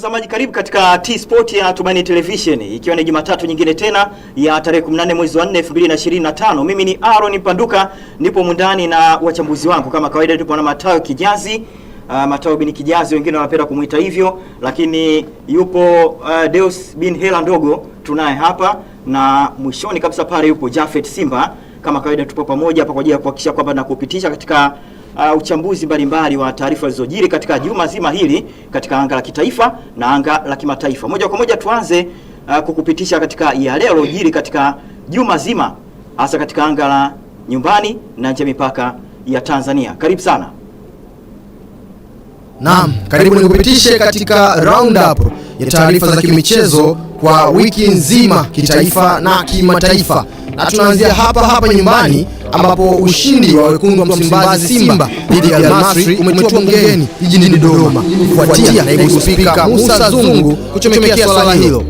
Mtazamaji karibu katika T Sport ya Tumaini Television, ikiwa ni Jumatatu nyingine tena ya tarehe 18 mwezi wa 4 2025. Mimi ni Aaron Panduka, nipo mundani na wachambuzi wangu kama kawaida, tupo na Matayo Kijazi uh, ah, Matayo bin Kijazi wengine wanapenda kumuita hivyo, lakini yupo uh, Deus bin Hela Ndogo tunaye hapa, na mwishoni kabisa pale yupo Jafet Simba. Kama kawaida, tupo pamoja hapa kwa ajili ya kuhakikisha kwamba nakupitisha katika uh, uchambuzi mbalimbali wa taarifa zilizojiri katika juma zima hili katika anga la kitaifa na anga la kimataifa. Moja kwa moja tuanze uh, kukupitisha katika yale yaliyojiri katika juma zima hasa katika anga la nyumbani na nje mipaka ya Tanzania. Karibu sana. Naam, karibu nikupitishe katika up ya taarifa za kimichezo kwa wiki nzima kitaifa na kimataifa, na tunaanzia hapa hapa nyumbani ambapo ushindi wa wekundu wa Msimbazi Simba dhidi ya Almasri umetua bungeni jijini Dodoma kufuatia naibu spika Musa Zungu kuchomekea swala hilo.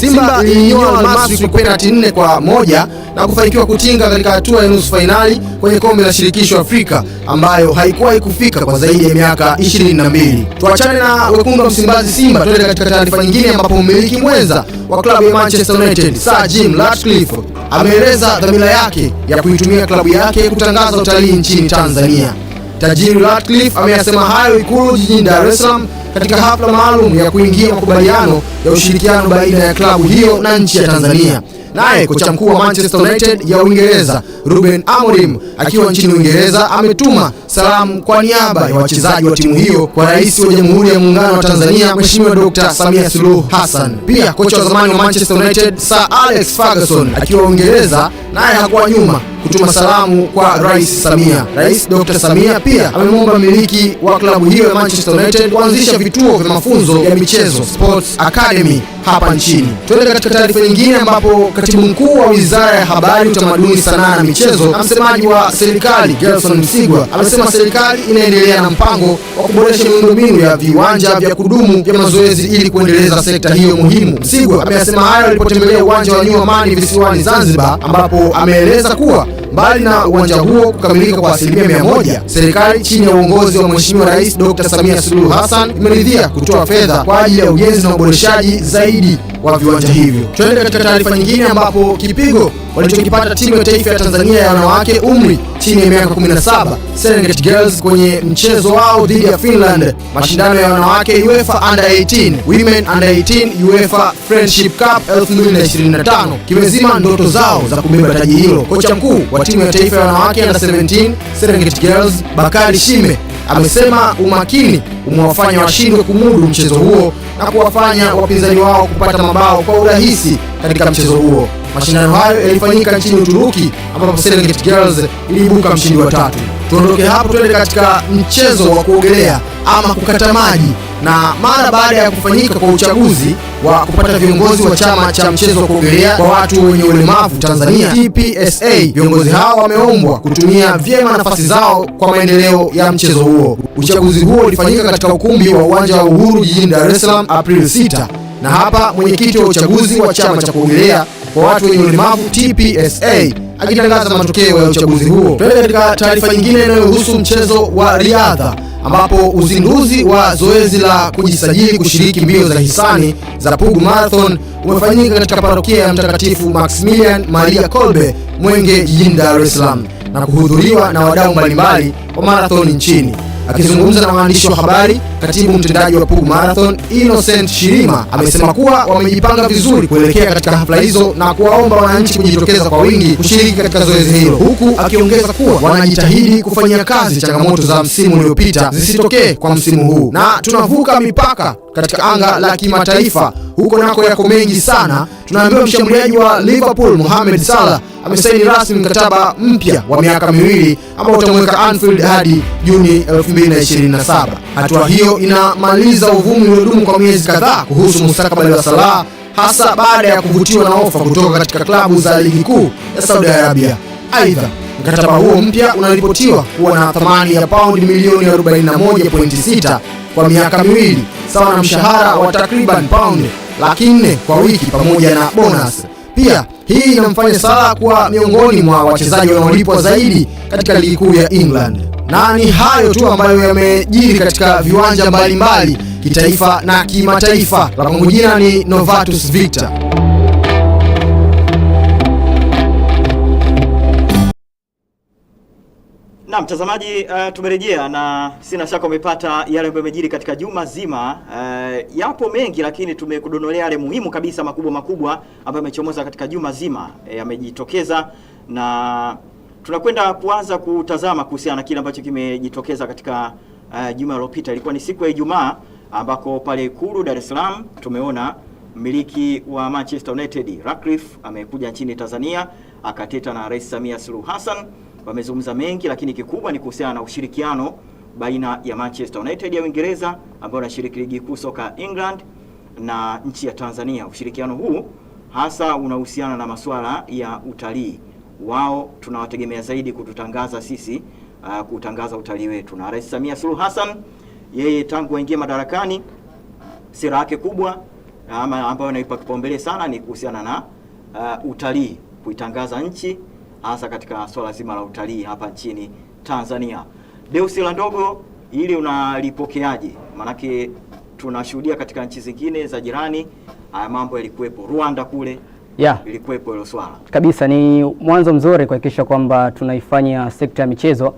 Simba ilinyoa Almasri kwa penalti nne kwa moja na kufanikiwa kutinga katika hatua ya nusu fainali kwenye kombe la shirikisho Afrika ambayo haikuwahi kufika kwa zaidi ya miaka 22. Tuachane na wekundu wa Msimbazi Simba, tuende katika taarifa nyingine ambapo mmiliki mwenza wa klabu ya Manchester United Sir Jim Ratcliffe ameeleza dhamira yake ya kuitumia klabu yake kutangaza utalii nchini Tanzania. Tajiri Ratcliffe ameyasema hayo Ikulu jijini Dar es Salaam katika hafla maalum ya kuingia makubaliano ya ushirikiano baina ya klabu hiyo na nchi ya Tanzania. Naye kocha mkuu wa Manchester United ya Uingereza Ruben Amorim akiwa nchini Uingereza ametuma salamu kwa niaba ya wachezaji wa timu hiyo kwa Rais wa Jamhuri ya Muungano wa Tanzania Mheshimiwa Dr. Samia Suluhu Hassan. Pia kocha wa zamani wa Manchester United Sir Alex Ferguson akiwa Uingereza naye hakuwa nyuma kutuma salamu kwa Rais Samia. Rais Dr. Samia pia amemwomba mmiliki wa klabu hiyo ya Manchester United kuanzisha vituo vya mafunzo ya michezo Sports Academy hapa nchini. Tuende katika taarifa nyingine ambapo katibu mkuu wa wizara ya habari, utamaduni, sanaa na michezo na msemaji wa serikali Gerson Msigwa amesema serikali inaendelea na mpango wa kuboresha miundombinu ya viwanja vya kudumu vya mazoezi ili kuendeleza sekta hiyo muhimu. Msigwa ameyasema hayo alipotembelea uwanja wa New mani visiwani Zanzibar, ambapo ameeleza kuwa mbali na uwanja huo kukamilika kwa asilimia mia moja, serikali chini ya uongozi wa Mheshimiwa Rais Dr. Samia Suluhu Hassan imeridhia kutoa fedha kwa ajili ya ujenzi na uboreshaji zaidi wa viwanja hivyo. Tuende katika taarifa nyingine, ambapo kipigo walichokipata timu ya taifa ya Tanzania ya wanawake umri chini ya miaka 17 Serengeti Girls kwenye mchezo wao dhidi ya Finland, mashindano ya wanawake UEFA Under 18 Women Under 18 UEFA Friendship Cup 2025, kimezima ndoto zao za kubeba taji hilo. Kocha mkuu wa timu ya taifa ya wanawake Under 17 Serengeti Girls Bakari Shime Amesema umakini umewafanya washindwe kumudu mchezo huo na kuwafanya wapinzani wao kupata mabao kwa urahisi katika mchezo huo. Mashindano hayo yalifanyika nchini Uturuki ambapo Serengeti Girls iliibuka mshindi wa tatu. Tuondoke hapo, tuende katika mchezo wa kuogelea ama kukata maji na mara baada ya kufanyika kwa uchaguzi wa kupata viongozi wa chama cha mchezo wa kuogelea kwa watu wenye ulemavu Tanzania TPSA, viongozi hao wameombwa kutumia vyema nafasi zao kwa maendeleo ya mchezo huo. Uchaguzi huo ulifanyika katika ukumbi wa uwanja wa Uhuru jijini Dar es Salaam Aprili 6, na hapa mwenyekiti wa uchaguzi wa chama cha kuogelea kwa watu wenye ulemavu TPSA akitangaza matokeo ya uchaguzi huo. Tuende katika taarifa nyingine inayohusu mchezo wa riadha ambapo uzinduzi wa zoezi la kujisajili kushiriki mbio za hisani za Pugu Marathon umefanyika katika parokia ya Mtakatifu Maximilian Maria Kolbe Mwenge jijini Dar es Salaam na kuhudhuriwa na wadau mbalimbali wa marathon nchini. Akizungumza na waandishi wa habari, katibu mtendaji wa Pugu Marathon Innocent Shirima amesema kuwa wamejipanga vizuri kuelekea katika hafla hizo na kuwaomba wananchi kujitokeza kwa wingi kushiriki katika zoezi hilo, huku akiongeza kuwa wanajitahidi kufanyia kazi changamoto za msimu uliopita zisitokee kwa msimu huu na tunavuka mipaka katika anga la kimataifa, huko nako yako mengi sana. Tunaambiwa mshambuliaji wa Liverpool Mohamed Salah amesaini rasmi mkataba mpya wa miaka miwili ambao utamweka Anfield hadi Juni 2027. Hatua hiyo inamaliza uvumi uliodumu kwa miezi kadhaa kuhusu mustakabali wa Salah, hasa baada ya kuvutiwa na ofa kutoka katika klabu za ligi kuu ya Saudi Arabia. Aidha, Mkataba huo mpya unaripotiwa kuwa na thamani ya paundi milioni 41.6 kwa miaka miwili, sawa na mshahara wa takriban paundi laki nne kwa wiki pamoja na bonus. Pia hii inamfanya Salah kuwa miongoni mwa wachezaji wanaolipwa zaidi katika ligi kuu ya England. Na ni hayo tu ambayo yamejiri katika viwanja mbalimbali mbali, kitaifa na kimataifa. Langu jina ni Novatus Victor. Na mtazamaji, uh, tumerejea na sina shaka umepata yale ambayo yamejiri katika juma zima. Uh, yapo mengi, lakini tumekudondolea yale muhimu kabisa makubwa makubwa ambayo yamechomoza katika juma zima eh, yamejitokeza, na tunakwenda kuanza kutazama kuhusiana na kile ambacho kimejitokeza katika uh, juma lililopita. Ilikuwa ni siku ya Ijumaa ambako pale Ikulu Dar es Salaam tumeona mmiliki wa Manchester United Ratcliffe amekuja nchini Tanzania akateta na Rais Samia Suluhu Hassan wamezungumza mengi, lakini kikubwa ni kuhusiana na ushirikiano baina ya Manchester United ya Uingereza ambayo inashiriki ligi kuu soka England na nchi ya Tanzania. Ushirikiano huu hasa unahusiana na masuala ya utalii. Wao tunawategemea zaidi kututangaza sisi, uh, kutangaza utalii wetu. Na Rais Samia Suluhu Hassan yeye tangu aingie madarakani sera yake kubwa ama ambayo anaipa kipaumbele sana ni kuhusiana na uh, utalii, kuitangaza nchi hasa katika swala zima la utalii hapa nchini Tanzania. Deusi la ndogo ili unalipokeaje? Maanake tunashuhudia katika nchi zingine za jirani haya mambo yalikuwepo, Rwanda kule yeah, ilikuwepo hilo swala kabisa. Ni mwanzo mzuri kuhakikisha kwamba tunaifanya sekta ya michezo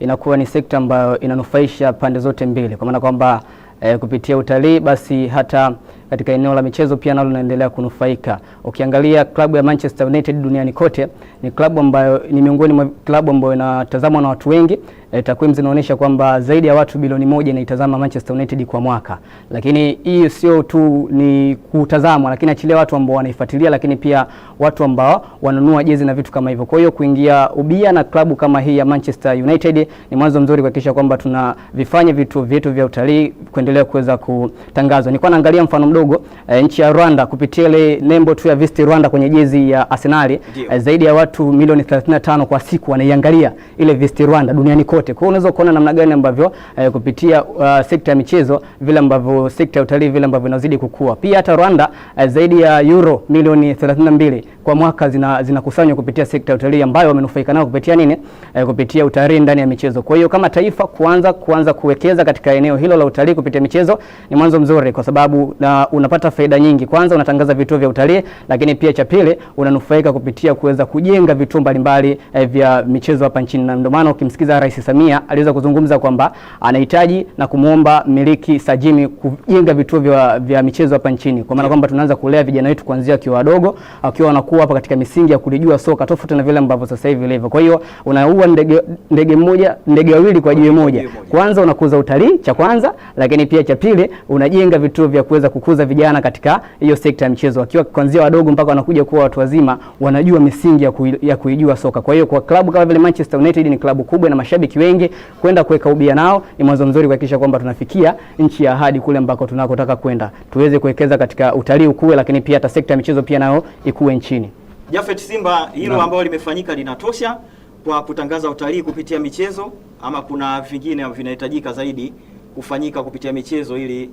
inakuwa ni sekta ambayo inanufaisha pande zote mbili, kwa maana kwamba eh, kupitia utalii basi hata katika eneo la michezo pia nalo linaendelea kunufaika. Ukiangalia klabu ya Manchester United duniani kote ni klabu ambayo ni miongoni mwa klabu ambayo inatazamwa na watu wengi E, takwimu zinaonyesha kwamba zaidi ya watu bilioni moja inaitazama Manchester United kwa mwaka, lakini hii sio tu ni kutazama, lakini achilia watu ambao wanaifuatilia, lakini pia watu ambao wanunua jezi na vitu kama hivyo. Kwa hiyo kuingia ubia na klabu kama hii ya Manchester United ni mwanzo mzuri kuhakikisha kwamba tunavifanya vitu vyetu vya utalii kuendelea kuweza kutangazwa. Nilikuwa naangalia mfano mdogo e, nchi ya Rwanda kupitia ile nembo tu ya Visit Rwanda kwenye jezi ya Arsenal e, zaidi ya watu milioni 35 kwa siku wanaiangalia ile Visit Rwanda duniani kote chochote. Kwa hiyo unaweza kuona namna gani ambavyo eh, kupitia uh, sekta ya michezo vile ambavyo sekta ya utalii vile ambavyo inazidi kukua. Pia hata Rwanda eh, zaidi ya euro milioni 32 kwa mwaka zinakusanywa zina kupitia sekta ya utalii ambayo wamenufaika nayo kupitia nini? Eh, kupitia utalii ndani ya michezo. Kwa hiyo kama taifa kuanza kuanza kuwekeza katika eneo hilo la utalii kupitia michezo ni mwanzo mzuri, kwa sababu na, unapata faida nyingi. Kwanza unatangaza vituo vya utalii, lakini pia cha pili unanufaika kupitia kuweza kujenga vituo mbalimbali eh, vya michezo hapa nchini, na ndio maana ukimsikiza Rais Samia aliweza kuzungumza kwamba anahitaji na kumwomba miliki Sajimi kujenga vituo vya, vya michezo hapa nchini, kwa maana kwamba tunaanza kulea vijana wetu kuanzia wakiwa wadogo, wakiwa wanakuwa hapa katika misingi ya kulijua soka, tofauti na vile ambavyo sasa hivi ilivyo. Kwa hiyo unaua ndege ndege mmoja ndege wawili kwa jiwe moja. Kwanza unakuza utalii cha kwanza, lakini pia cha pili unajenga vituo vya kuweza kukuza vijana katika hiyo sekta ya michezo, wakiwa kuanzia wadogo mpaka wanakuja kuwa watu wazima, wanajua misingi ya, kui, ya kuijua soka. Kwa hiyo kwa klabu kama vile Manchester United ni klabu kubwa na mashabiki wengi kwenda kuweka ubia nao ni mwanzo mzuri kuhakikisha kwamba tunafikia nchi ya ahadi kule ambako tunakotaka kwenda, tuweze kuwekeza katika utalii ukue, lakini pia hata sekta ya michezo pia nayo ikue nchini. Jafet Simba, hilo ambalo limefanyika linatosha kwa kutangaza utalii kupitia michezo ama kuna vingine vinahitajika zaidi kufanyika kupitia michezo ili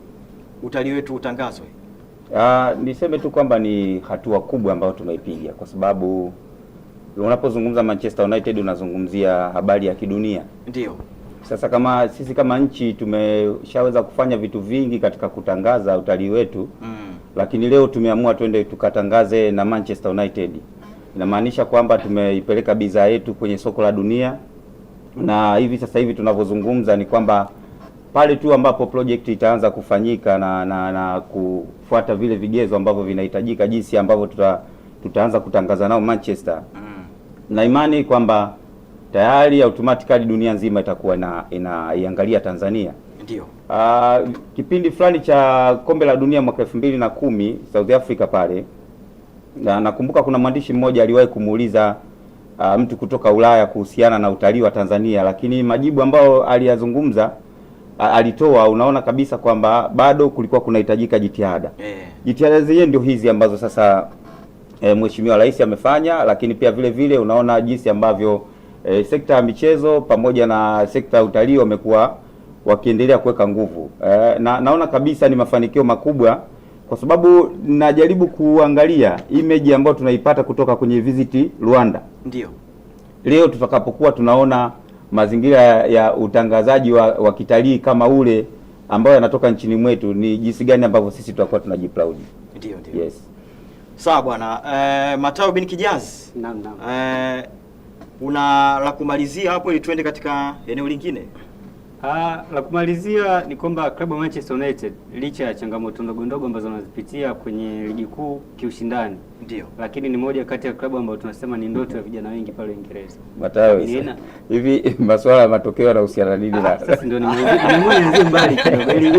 utalii wetu utangazwe? Uh, niseme tu kwamba ni hatua kubwa ambayo tumeipiga kwa sababu unapozungumza Manchester United unazungumzia habari ya kidunia. Ndio. Sasa kama sisi kama nchi tumeshaweza kufanya vitu vingi katika kutangaza utalii wetu mm. Lakini leo tumeamua twende tukatangaze na Manchester United, inamaanisha kwamba tumeipeleka bidhaa yetu kwenye soko la dunia, na hivi sasa hivi tunavyozungumza ni kwamba pale tu ambapo project itaanza kufanyika na, na, na kufuata vile vigezo ambavyo vinahitajika, jinsi ambavyo tuta, tutaanza kutangaza nao Manchester mm na imani kwamba tayari automatically dunia nzima itakuwa inaiangalia Tanzania. Ndio. Uh, kipindi fulani cha kombe la dunia mwaka elfu mbili na kumi South Africa pale, na nakumbuka kuna mwandishi mmoja aliwahi kumuuliza uh, mtu kutoka Ulaya kuhusiana na utalii wa Tanzania, lakini majibu ambayo aliyazungumza alitoa unaona kabisa kwamba bado kulikuwa kunahitajika jitihada. Yeah. Jitihada zenyewe ndio hizi ambazo sasa e, Mheshimiwa Rais amefanya, lakini pia vile vile unaona jinsi ambavyo e, sekta ya michezo pamoja na sekta ya utalii wamekuwa wakiendelea kuweka nguvu e, na, naona kabisa ni mafanikio makubwa kwa sababu najaribu kuangalia image ambayo tunaipata kutoka kwenye Visit Rwanda. Ndio leo tutakapokuwa tunaona mazingira ya utangazaji wa, wa kitalii kama ule ambayo yanatoka nchini mwetu, ni jinsi gani ambavyo sisi tutakuwa tunajiplaudi. Ndio, ndio. Yes. Sawa bwana. E, eh, Matayo bin Kijazi. Naam naam. E, una la kumalizia hapo ili tuende katika eneo lingine? Ah, la kumalizia ni kwamba klabu ya Manchester United licha ya changamoto ndogo ndogo ambazo wanazipitia kwenye ligi kuu kiushindani, ndio, lakini ni moja kati ya klabu ambayo tunasema ni ndoto ya vijana wengi pale Uingereza. Matayo. hivi masuala ya matokeo yanahusiana nini? Ah, na sasa ndio nimeanzia mbali kidogo, ili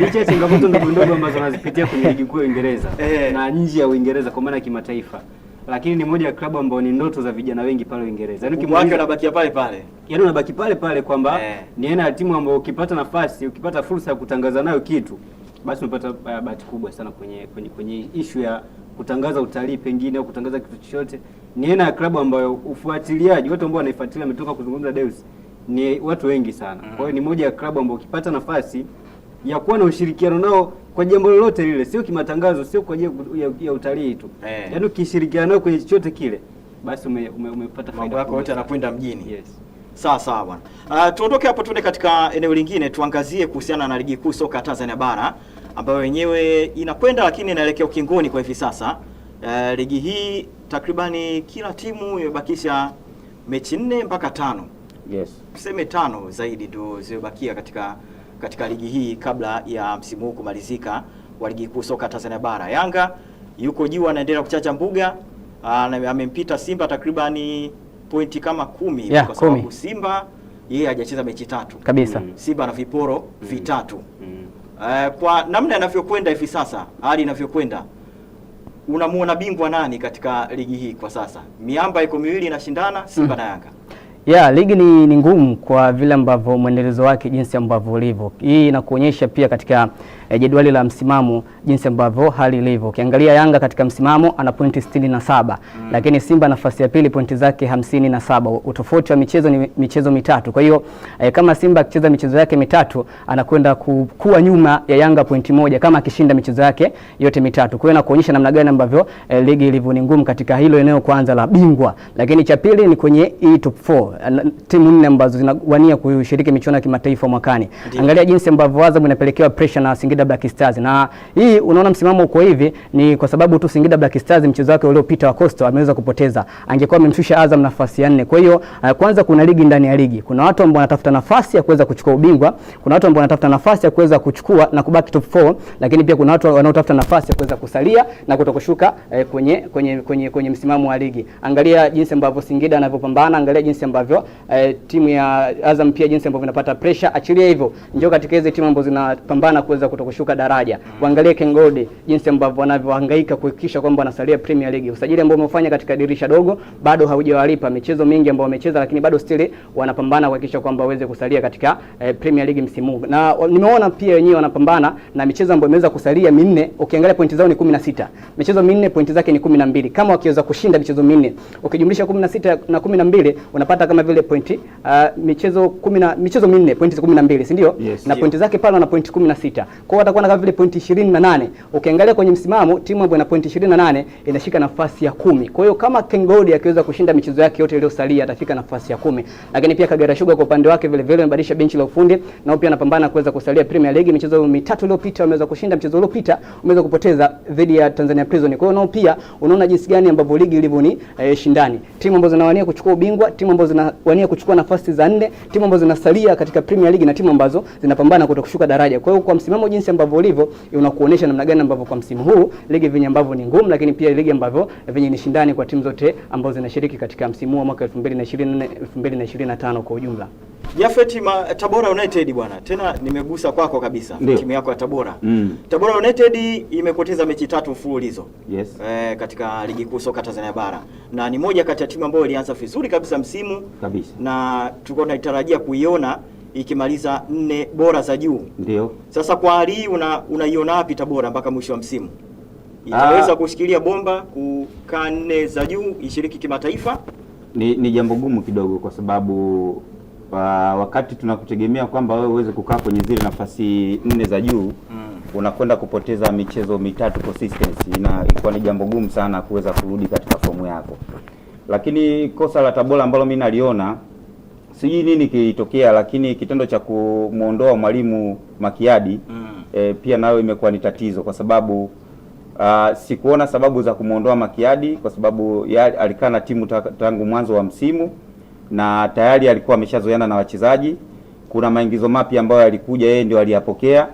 licha ya changamoto ndogo ndogo ambazo wanazipitia kwenye ligi kuu ya Uingereza eh. na nje ya Uingereza kwa maana kimataifa lakini ni moja ya klabu ambayo ni ndoto za vijana wengi pale Uingereza. Yaani ukimwona unabaki pale pale. Yaani unabaki pale pale kwamba eh, ni aina ya timu ambayo ukipata nafasi, ukipata fursa ya kutangaza nayo kitu, basi unapata eh, bahati kubwa sana kwenye kwenye, kwenye issue ya kutangaza utalii pengine au kutangaza kitu chochote. Ni aina ya klabu ambayo ufuatiliaji, watu ambao wanaifuatilia, ametoka kuzungumza Deus, ni watu wengi sana. Kwa hiyo mm. ni moja ya klabu ambayo ukipata nafasi ya kuwa na ushirikiano nao kwa jambo lolote lile, sio kimatangazo, sio kwa ajili ya, ya utalii tu eh. Yaani ukishirikiana nao kwenye chochote kile basi ume, ume, umepata faida yako yote, anakwenda mjini. Yes. Sawa sawa bwana. Uh, tuondoke hapo tuende katika eneo lingine tuangazie kuhusiana na ligi kuu soka Tanzania bara ambayo wenyewe inakwenda lakini inaelekea ukingoni kwa hivi sasa. Uh, ligi hii takribani kila timu imebakisha mechi nne mpaka tano. Yes. Tuseme tano zaidi ndio zimebakia katika katika ligi hii kabla ya msimu huu kumalizika wa ligi kuu soka Tanzania bara. Yanga yuko juu anaendelea kuchacha mbuga, amempita Simba takribani pointi kama kumi, yeah, kwa sababu Simba yeye hajacheza mechi tatu kabisa. Mm. Simba na viporo mm. vitatu mm. Uh, kwa namna inavyokwenda hivi sasa, hali inavyokwenda, unamuona bingwa nani katika ligi hii kwa sasa? Miamba iko miwili inashindana Simba mm. na Yanga. Ya, ligi ni, ni ngumu kwa vile ambavyo mwendelezo wake jinsi ambavyo ulivyo. Hii inakuonyesha pia katika eh, jedwali la msimamo jinsi ambavyo hali ilivyo. Ukiangalia Yanga katika msimamo ana pointi sitini na saba mm. lakini Simba nafasi ya pili pointi zake hamsini na saba. Utofauti wa michezo ni michezo mitatu. Kwa hiyo eh, kama Simba akicheza michezo yake mitatu anakwenda kuwa nyuma ya Yanga pointi moja kama akishinda michezo yake yote mitatu. Kwa hiyo nakuonyesha namna gani ambavyo eh, ligi ilivyo ni ngumu katika hilo eneo kwanza la bingwa, lakini cha pili ni kwenye hii e top 4 eh, timu nne ambazo zinawania kushiriki michuano ya kimataifa mwakani. Angalia jinsi ambavyo Azam inapelekewa pressure na Singida Singida Black Stars, na hii unaona msimamo uko hivi ni kwa sababu tu Singida Black Stars mchezo wake uliopita wa Coastal ameweza kupoteza, angekuwa amemshusha Azam nafasi ya nne. Kwa hiyo uh, kwanza kuna ligi ndani ya ligi, kuna watu ambao wanatafuta nafasi ya kuweza kuchukua ubingwa, kuna watu ambao wanatafuta nafasi ya kuweza kuchukua na kubaki top 4, lakini pia kuna watu wanaotafuta nafasi ya kuweza kusalia na kutokushuka eh, kwenye, kwenye, kwenye, kwenye msimamo wa ligi. Angalia jinsi ambavyo Singida anavyopambana, angalia jinsi ambavyo eh, timu ya Azam pia jinsi ambavyo inapata pressure. Achilia hivyo, njoo katika hizo timu ambazo zinapambana kuweza kutoka kushuka daraja. Waangalie Ken Gold jinsi ambavyo wanavyohangaika kuhakikisha kwamba wanasalia Premier League. Usajili ambao umefanya katika dirisha dogo bado haujawalipa, michezo mingi ambayo wamecheza, lakini bado still wanapambana kuhakikisha kwamba waweze kusalia katika eh, Premier League msimu. Na nimeona pia wenyewe wanapambana na michezo ambayo imeweza kusalia minne, ukiangalia pointi zao ni 16. Michezo minne pointi zake ni 12. Kama wakiweza kushinda michezo minne, ukijumlisha 16 na 12 unapata kama vile pointi uh, michezo 10 michezo minne pointi 12, si ndio? Yes, na pointi zake pale na pointi 16. Kwa kwa watakuwa na kama vile pointi 28. Ukiangalia kwenye msimamo timu ambayo ina pointi 28 inashika nafasi ya kumi. Kwa hiyo kama Kengodi akiweza kushinda michezo yake yote iliyosalia atafika nafasi ya kumi. Lakini pia Kagera Sugar kwa upande wake vile vile amebadilisha benchi la ufundi na pia anapambana kuweza kusalia Premier League. Michezo mitatu iliyopita wameweza kushinda, mchezo uliopita umeweza kupoteza dhidi ya Tanzania Prison. Kwa hiyo nao pia unaona jinsi gani ambavyo ligi ilivyo ni eh, shindani. Timu ambazo zinawania kuchukua ubingwa, timu ambazo zinawania kuchukua nafasi za nne, timu ambazo zinasalia katika Premier League na timu ambazo zinapambana kutokushuka daraja. Kwa hiyo kwa msimamo jinsi jinsi ambavyo ulivyo unakuonesha namna gani ambavyo kwa msimu huu ligi vyenye ambavyo ni ngumu, lakini pia ligi ambavyo vyenye ni shindani kwa timu zote ambazo zinashiriki katika msimu wa mwaka 2024 2025 kwa ujumla. Jafet, Tabora United bwana, tena nimegusa kwako kabisa timu yako ya Tabora mm. Tabora United imepoteza mechi tatu mfululizo yes. E, katika ligi kuu soka Tanzania bara na ni moja kati ya timu ambayo ilianza vizuri kabisa msimu kabisa. na tulikuwa tunatarajia kuiona ikimaliza nne bora za juu. Ndio. Sasa kwa hali hii unaiona wapi Tabora mpaka mwisho wa msimu? Itaweza ah. kushikilia bomba kukaa nne za juu ishiriki kimataifa? Ni, ni jambo gumu kidogo kwa sababu uh, wakati tunakutegemea kwamba wewe uweze kukaa kwenye zile nafasi nne za juu mm. Unakwenda kupoteza michezo mitatu consistency, na ilikuwa ni jambo gumu sana kuweza kurudi katika fomu yako, lakini kosa la Tabora ambalo mimi naliona sijui nini kilitokea, lakini kitendo cha kumwondoa mwalimu Makiadi mm. e, pia nayo imekuwa ni tatizo kwa sababu Uh, sikuona sababu za kumwondoa Makiadi kwa sababu alikaa na timu tangu mwanzo wa msimu na tayari alikuwa ameshazoeana na wachezaji. Kuna maingizo mapya ambayo yalikuja, yeye ndio aliyapokea,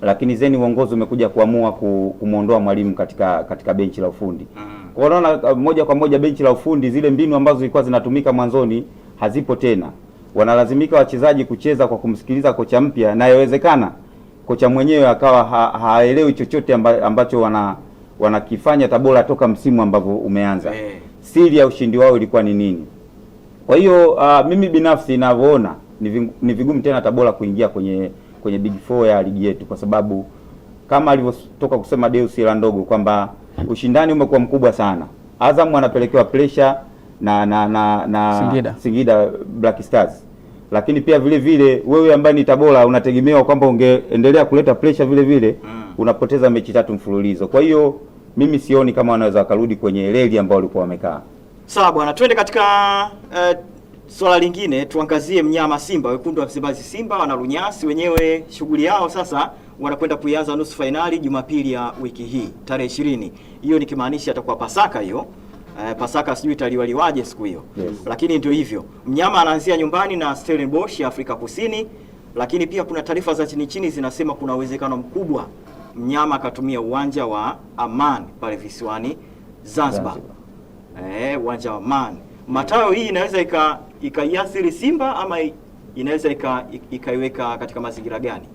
lakini zeni uongozi umekuja kuamua kumwondoa mwalimu katika katika benchi la ufundi. Mm. Kwa ah, moja kwa moja benchi la ufundi, zile mbinu ambazo zilikuwa zinatumika mwanzoni hazipo tena, wanalazimika wachezaji kucheza kwa kumsikiliza kocha mpya, na yawezekana kocha mwenyewe akawa ha haelewi chochote amba ambacho wana wanakifanya Tabora toka msimu ambavyo umeanza. Eh. Siri ya ushindi wao ilikuwa ni nini? Kwa hiyo uh, mimi binafsi ninavyoona ni vigumu tena Tabora kuingia kwenye kwenye big four ya ligi yetu, kwa sababu kama alivyotoka kusema Deus ila ndogo kwamba ushindani umekuwa mkubwa sana. Azam anapelekewa pressure na na na, na Singida, Singida Black Stars, lakini pia vile vile wewe ambaye ni Tabora unategemewa kwamba ungeendelea kuleta pressure vile vile mm. unapoteza mechi tatu mfululizo. Kwa hiyo mimi sioni kama wanaweza wakarudi kwenye reli ambao walikuwa wamekaa. Sawa bwana, twende katika uh, swala lingine tuangazie mnyama Simba, wekundu wa Msimbazi. Simba runyasi wenyewe shughuli yao sasa, wanakwenda kuianza nusu fainali Jumapili ya wiki hii tarehe ishirini. Hiyo nikimaanisha atakuwa Pasaka hiyo Eh, Pasaka sijui italiwaliwaje siku hiyo yes. Lakini ndio hivyo, mnyama anaanzia nyumbani na Stellenbosch ya Afrika Kusini, lakini pia kuna taarifa za chini chini zinasema kuna uwezekano mkubwa mnyama akatumia uwanja wa aman pale visiwani Zanzibar, eh, uwanja wa Aman. Matayo hii inaweza ikaiathiri ika Simba ama inaweza ikaiweka ika katika mazingira gani?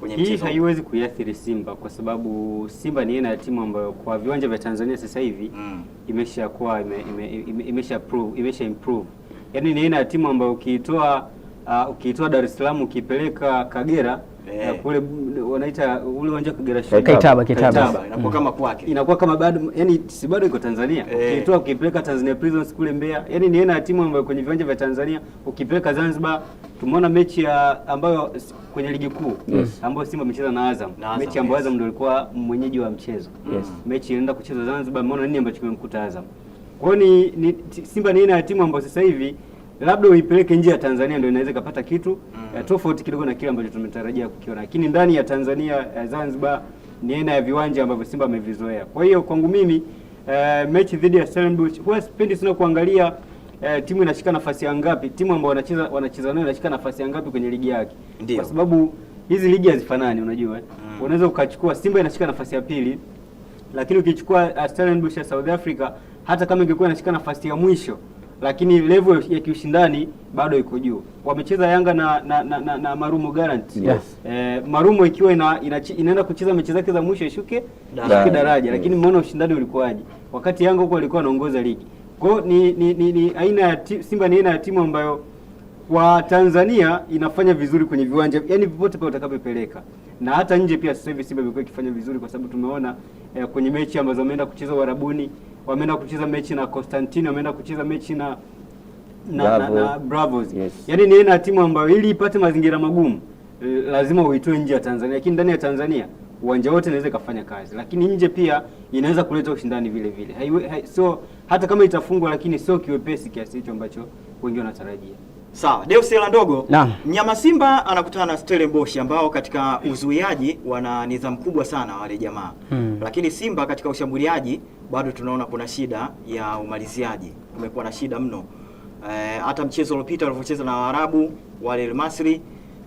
kwenye mchezo hii haiwezi kuiathiri Simba kwa sababu Simba ni aina ya timu ambayo kwa viwanja vya Tanzania sasa hivi mm. imesha kuwa ime, ime, ime, imesha prove, imesha improve yaani ni aina ya timu ambayo ukiitoa uh, ukiitoa Dar es Salaam ukipeleka Kagera Eh. kule wanaita ule uwanja Kagera Sugar Kitaba, kitaba. inakuwa hmm. kama kwake, inakuwa kama bado, yani si bado iko Tanzania. Eh. Ukitoa ukipeleka Tanzania Prisons kule Mbeya, yani ni aina ya timu ambayo kwenye viwanja vya Tanzania. Ukipeleka Zanzibar, tumeona mechi ya ambayo kwenye ligi kuu ambayo Simba amecheza na Azam, mechi ambayo Azam ndio alikuwa mwenyeji wa mchezo, mechi ilienda kuchezwa Zanzibar. Umeona nini ambacho kimemkuta Azam? Kwa hiyo ni Simba ni aina ya timu ambayo sasa hivi labda uipeleke nje ya Tanzania ndio inaweza ikapata kitu mm. Eh, tofauti kidogo na kile ambacho tumetarajia kukiona, lakini ndani ya Tanzania eh, Zanzibar ni aina ya viwanja ambavyo Simba amevizoea. Kwa hiyo kwangu mimi uh, mechi dhidi ya Stellenbosch huwa sipendi sana kuangalia uh, timu inashika nafasi ya ngapi, timu ambayo wanacheza wanacheza nayo inashika nafasi ya ngapi kwenye ligi yake, kwa sababu hizi ligi hazifanani. Unajua mm. unaweza ukachukua Simba inashika nafasi ya pili, lakini ukichukua uh, Stellenbosch ya South Africa hata kama ingekuwa inashika nafasi ya mwisho lakini level ya kiushindani bado iko juu. Wamecheza Yanga na na, na, na, na Marumo Guarantee. yes. E, Marumo ikiwa ina, ina, inaenda kucheza mechi zake za mwisho ishuke ishuke daraja, lakini mmeona ushindani ulikuwaje wakati Yanga huko alikuwa anaongoza ligi kwao. Ni, ni, ni, ni aina ya Simba ni aina ya timu ambayo kwa Tanzania inafanya vizuri kwenye viwanja yani popote pale utakapopeleka, na hata nje pia. Sasa hivi Simba imekuwa ikifanya vizuri kwa sababu tumeona eh, kwenye mechi ambazo ameenda kucheza Warabuni wameenda kucheza mechi na Constantine, wameenda kucheza mechi na na, Bravo. na, na Bravos. Yes. Yaani ni aina ya timu ambayo ili ipate mazingira magumu eh, lazima uitoe nje ya Tanzania, lakini ndani ya Tanzania uwanja wote inaweza ikafanya kazi, lakini nje pia inaweza kuleta ushindani vile vile. Hai, hai, so hata kama itafungwa, lakini sio kiwepesi kiasi hicho ambacho wengi wanatarajia. Sawa, Deus la ndogo mnyama Simba anakutana na Stellenbosch ambao katika uzuiaji wana nidhamu kubwa sana wale jamaa hmm. Mm-hmm. Lakini Simba katika ushambuliaji bado tunaona kuna shida ya umaliziaji, kumekuwa na shida mno. Eh, hata e, mchezo uliopita walivyocheza na Waarabu wale Al Masry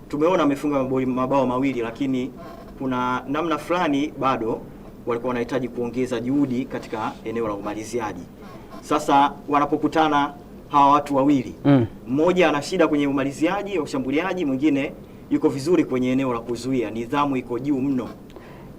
tumeona amefunga mabao mawili, lakini kuna namna fulani bado walikuwa wanahitaji kuongeza juhudi katika eneo la umaliziaji. Sasa wanapokutana hawa watu wawili mm. mmoja mm, ana shida kwenye umaliziaji wa ushambuliaji, mwingine yuko vizuri kwenye eneo la kuzuia, nidhamu iko juu mno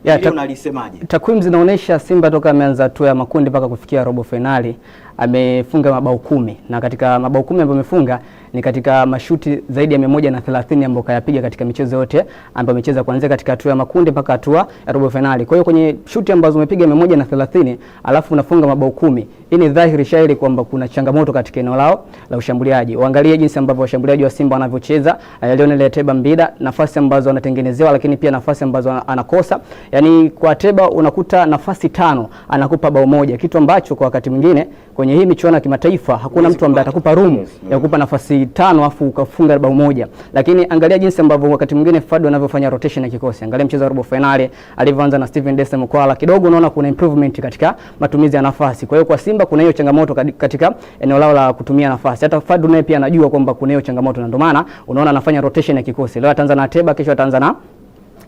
ta Takwimu zinaonyesha Simba toka ameanza hatua ya makundi mpaka kufikia robo fainali amefunga mabao kumi na katika mabao kumi ambayo amefunga ni katika mashuti zaidi ya 130 ambayo kayapiga katika michezo yote ambayo amecheza kuanzia katika hatua ya makundi mpaka hatua ya robo finali. Kwa hiyo kwenye shuti ambazo umepiga 130 alafu unafunga mabao kumi, hii ni dhahiri shahiri kwamba kuna changamoto katika eneo lao la ushambuliaji. Waangalie jinsi ambavyo washambuliaji wa Simba wanavyocheza, eh, Lionel Ateba Mbida, nafasi ambazo anatengenezewa, lakini pia nafasi ambazo anakosa. Yaani kwa Ateba unakuta nafasi tano anakupa bao moja, kitu ambacho kwa wakati mwingine kwenye hii michuano ya kimataifa hakuna mtu ambaye atakupa room ya kukupa nafasi tano afu ukafunga bao moja. Lakini angalia jinsi ambavyo wakati mwingine fad anavyofanya rotation ya kikosi. Angalia mchezo wa robo finali alivyoanza na Steven Dese Mkwala, kidogo unaona kuna improvement katika matumizi ya nafasi. Kwa hiyo kwa Simba kuna hiyo changamoto katika eneo lao la kutumia nafasi. Hata fad naye pia anajua kwamba kuna hiyo changamoto na ndio maana unaona anafanya rotation ya kikosi. Leo ataanza na Teba, kesho ataanza na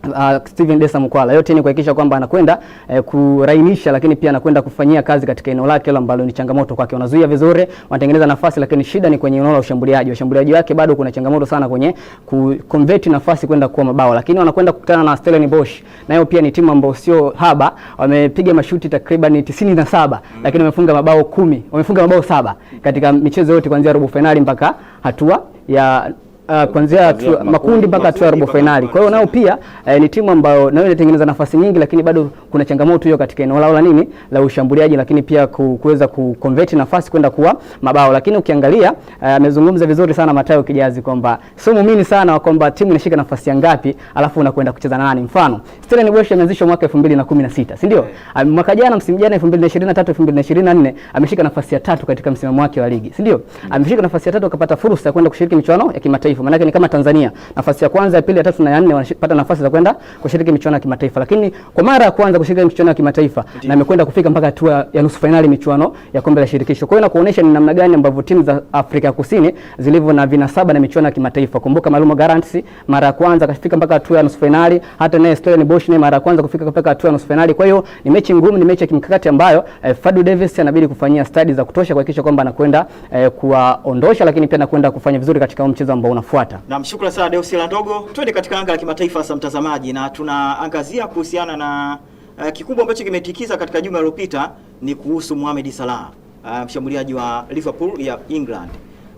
Uh, Steven Desa Mkwala yote ni kuhakikisha kwamba anakwenda eh, kurainisha lakini pia anakwenda kufanyia kazi katika eneo lake hilo ambalo ni changamoto kwake. Wanazuia vizuri, wanatengeneza nafasi, lakini shida ni kwenye eneo la ushambuliaji. Washambuliaji wake bado kuna changamoto sana kwenye ku convert nafasi kwenda kuwa mabao, lakini wanakwenda kukutana na Stellenbosch, nayo pia ni timu ambayo sio haba. Wamepiga mashuti takriban 97 mm, lakini wamefunga mabao kumi, wamefunga mabao saba katika michezo yote kuanzia robo finali mpaka hatua ya uh, kuanzia makundi mpaka hatua ya robo finali. Kwa hiyo nao pia eh, ni timu ambayo nayo inatengeneza nafasi nyingi, lakini bado kuna changamoto hiyo katika eneo lao la nini la ushambuliaji, lakini pia kuweza kuconvert nafasi kwenda kuwa mabao. Lakini ukiangalia eh, amezungumza uh, vizuri sana Matayo Kijazi kwamba sio muumini sana wa kwamba timu inashika nafasi ya ngapi alafu unakwenda kucheza na nani. Mfano Stellenbosch Bosch ameanzishwa mwaka 2016 si ndio? Yeah. Mwaka jana msimu jana 2023 2024 ameshika nafasi ya tatu katika msimamo wake wa ligi si ndio? Mm. Ameshika nafasi ya tatu akapata fursa ya kwenda kushiriki michuano ya kimataifa kimataifa. Maana ni kama Tanzania nafasi ya kwanza, ya pili, ya tatu na ya nne wanapata nafasi za kwenda kushiriki michuano ya kimataifa, lakini kwa mara ya kwanza kushiriki michuano ya kimataifa na amekwenda kufika mpaka hatua ya nusu finali michuano ya kombe la shirikisho. Kwa hiyo nakuonesha ni namna gani ambavyo timu za Afrika Kusini zilivyo na vinasaba na michuano ya kimataifa. Kumbuka Malumo Gallants mara ya kwanza kafika mpaka hatua ya nusu finali, hata naye Bosch ni mara ya kwanza kufika mpaka hatua ya nusu finali. Kwa hiyo ni mechi ngumu, ni mechi ya kimkakati ambayo eh, Fadu Davis anabidi kufanyia stadi za kutosha kuhakikisha kwamba anakwenda eh, kuwaondosha, lakini pia anakwenda kufanya vizuri katika mchezo ambao una yanayofuata. Na mshukuru sana Deus ndogo. Twende katika anga la kimataifa sasa mtazamaji, na tunaangazia kuhusiana na uh, kikubwa ambacho kimetikiza katika juma lililopita ni kuhusu Mohamed Salah, uh, mshambuliaji wa Liverpool ya England.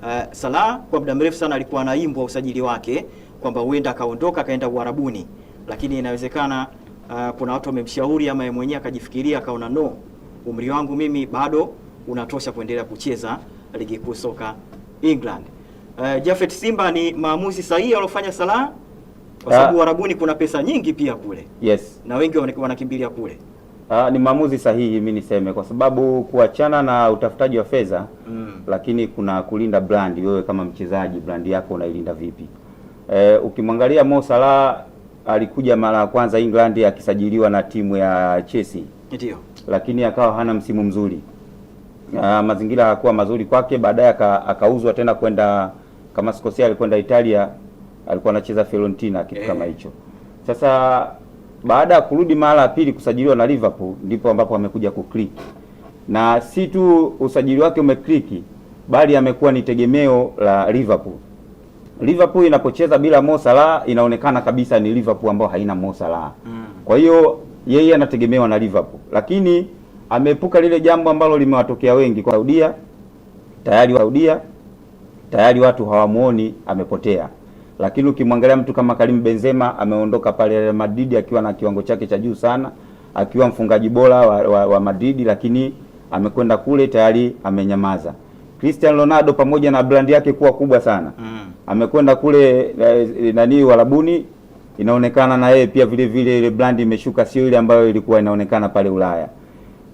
Uh, Salah kwa muda mrefu sana alikuwa anaimbwa usajili wake kwamba huenda akaondoka akaenda Uarabuni, lakini inawezekana uh, kuna watu wamemshauri ama yeye mwenyewe akajifikiria akaona, no, umri wangu mimi bado unatosha kuendelea kucheza ligi kuu soka England uh, Jafet Simba, ni maamuzi sahihi alofanya Salah kwa sababu ah. Uarabuni kuna pesa nyingi pia kule. Yes. Na wengi wanakimbilia kule. Aa, ah, ni maamuzi sahihi mi niseme, kwa sababu kuachana na utafutaji wa fedha mm. Lakini kuna kulinda brand. Wewe kama mchezaji brand yako unailinda vipi? Ee, ukimwangalia Mo Salah alikuja mara ya kwanza England akisajiliwa na timu ya Chelsea. Ndio. Lakini akawa hana msimu mzuri. Aa, ah, mazingira hayakuwa mazuri kwake, baadaye akauzwa tena kwenda kama sikosea, alikwenda Italia, alikuwa anacheza Fiorentina kitu kama eh. hicho. Sasa baada ya kurudi mara ya pili kusajiliwa na Liverpool, ndipo ambapo amekuja kukliki, na si tu usajili wake umeclick, bali amekuwa ni tegemeo la Liverpool. Liverpool inapocheza bila Mo Salah inaonekana kabisa ni Liverpool ambayo haina Mo Salah. Mm. Kwa hiyo yeye anategemewa na Liverpool. Lakini ameepuka lile jambo ambalo limewatokea wengi kwa Saudia. Tayari wa Saudia tayari watu hawamuoni amepotea. Lakini ukimwangalia mtu kama Karim Benzema ameondoka pale Real Madrid akiwa na kiwango chake cha juu sana, akiwa mfungaji bora wa, wa, wa Madrid, lakini amekwenda kule tayari amenyamaza. Cristiano Ronaldo pamoja na brandi yake kuwa kubwa sana mm. amekwenda kule eh, nani Warabuni, inaonekana na yeye pia vile vile ile brandi imeshuka, sio ile ambayo ilikuwa inaonekana pale Ulaya.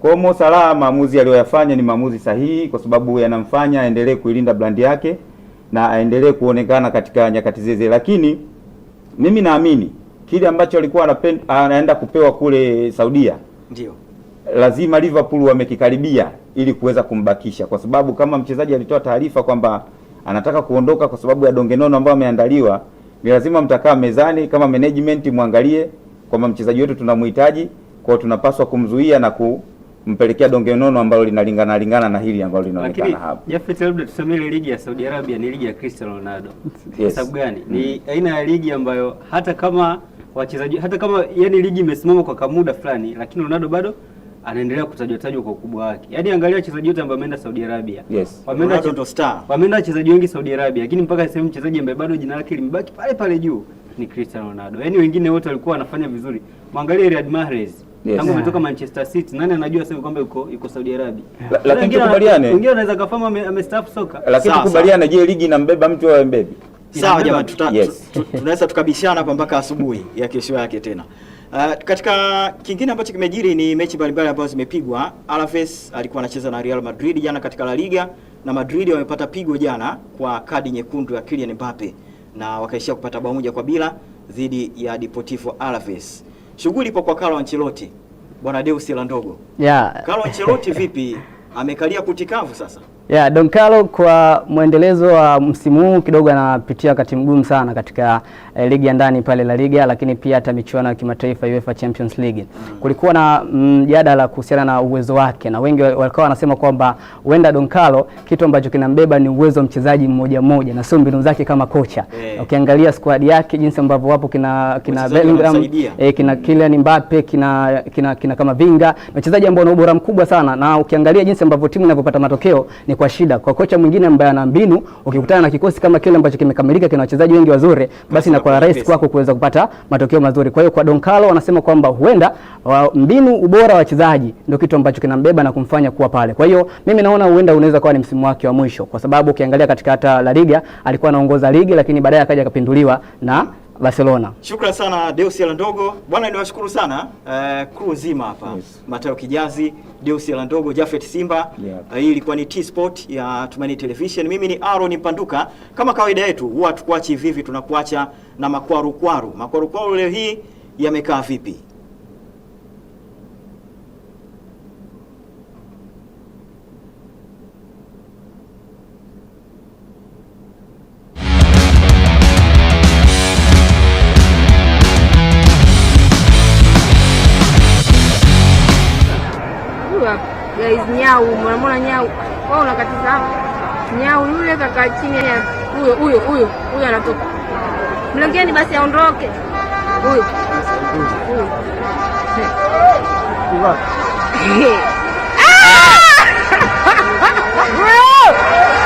Kwa hiyo Mo Salah maamuzi aliyoyafanya ni maamuzi sahihi, kwa sababu yanamfanya aendelee kuilinda brandi yake na aendelee kuonekana katika nyakati zeze, lakini mimi naamini kile ambacho alikuwa anaenda kupewa kule Saudia ndio lazima Liverpool wamekikaribia ili kuweza kumbakisha, kwa sababu kama mchezaji alitoa taarifa kwamba anataka kuondoka kwa sababu ya dongenono ambayo ameandaliwa, ni lazima mtakaa mezani kama management, mwangalie kwamba mchezaji wetu tunamhitaji, kwa tunapaswa kumzuia na ku kumpelekea donge nono ambalo linalingana lingana na hili ambalo linaonekana hapa. Jafet, labda tuseme ile ligi ya Saudi Arabia ni ligi ya Cristiano Ronaldo. Yes. Sababu gani? Ni mm. aina ya ligi ambayo hata kama wachezaji hata kama yani ligi imesimama kwa kamuda fulani, lakini Ronaldo bado anaendelea kutajwa tajwa kwa ukubwa wake. Yaani angalia wachezaji wote ambao wameenda Saudi Arabia. Yes. Wameenda Ronaldo star. Wameenda wachezaji wengi Saudi Arabia, lakini mpaka sasa hivi mchezaji ambaye bado jina lake limebaki pale pale juu ni Cristiano Ronaldo. Yaani wengine wote walikuwa wanafanya vizuri. Mwangalie Riyad Mahrez yes. Tangu umetoka Manchester City, nani anajua sasa kwamba yuko yuko Saudi Arabia? yeah. lakini la, tukubaliane, wengine wanaweza kafahamu amestaafu soka, lakini tukubaliane, je, ligi inambeba mtu au mbebi? Sawa jamaa, tunaweza tukabishana hapa mpaka asubuhi ya kesho yake tena. Uh, katika kingine ambacho kimejiri ni mechi mbalimbali ambazo zimepigwa. Alaves alikuwa anacheza na Real Madrid jana katika La Liga na Madrid wamepata pigo jana kwa kadi nyekundu ya Kylian Mbappe na wakaishia kupata bao moja kwa bila dhidi ya Deportivo Alaves shughuli ipo kwa Carlo Ancelotti, bwana Deus ndogo Yeah. Carlo Ancelotti vipi? Amekalia kutikavu sasa. Yeah, Don Carlo kwa mwendelezo wa msimu huu kidogo anapitia wakati mgumu sana katika eh, ligi ya ndani pale La Liga, lakini pia hata michuano ya kimataifa UEFA Champions League. Kulikuwa na mjadala mm, kuhusiana na uwezo wake na wengi walikuwa wanasema kwamba huenda Don Carlo kitu ambacho kinambeba ni uwezo wa mchezaji mmoja mmoja na sio mbinu zake kama kocha. Yeah. Ukiangalia squad yake jinsi ambavyo wapo kina kina Bellingham, eh, kina Kylian Mbappe, kina kina, kina kama Vinga, wachezaji ambao wana ubora mkubwa sana na ukiangalia jinsi ambavyo timu inavyopata matokeo ni ni kwa shida. Kwa kocha mwingine ambaye ana mbinu, ukikutana na kikosi kama kile ambacho kimekamilika, kina wachezaji wengi wazuri, basi inakuwa rahisi kwako kuweza kupata matokeo mazuri. Kwa hiyo kwa Donkalo wanasema kwamba huenda wa uh, mbinu, ubora wa wachezaji ndio kitu ambacho kinambeba na kumfanya kuwa pale. Kwa hiyo mimi naona huenda unaweza kuwa ni msimu wake wa mwisho, kwa sababu ukiangalia katika hata La Liga alikuwa anaongoza ligi, lakini baadaye akaja akapinduliwa na Barcelona. Shukrani sana Deus ndogo Bwana niwashukuru sana uh, crew zima hapa. Yes. Matayo Kijazi, Deus ndogo Jafet Simba. Yeah. Uh, eh, hii ilikuwa ni T-Sport ya Tumaini Television. Mimi ni Aaron Mpanduka. Kama kawaida yetu huwa tukuachi vivi tunakuacha na makwaru kwaru. Makwaru kwaru leo hii yamekaa vipi? nyau wao, unakatiza nyau yule kaka chini ya huyo huyo huyo huyo, anatoka mlengeni, basi aondoke huyo huyo.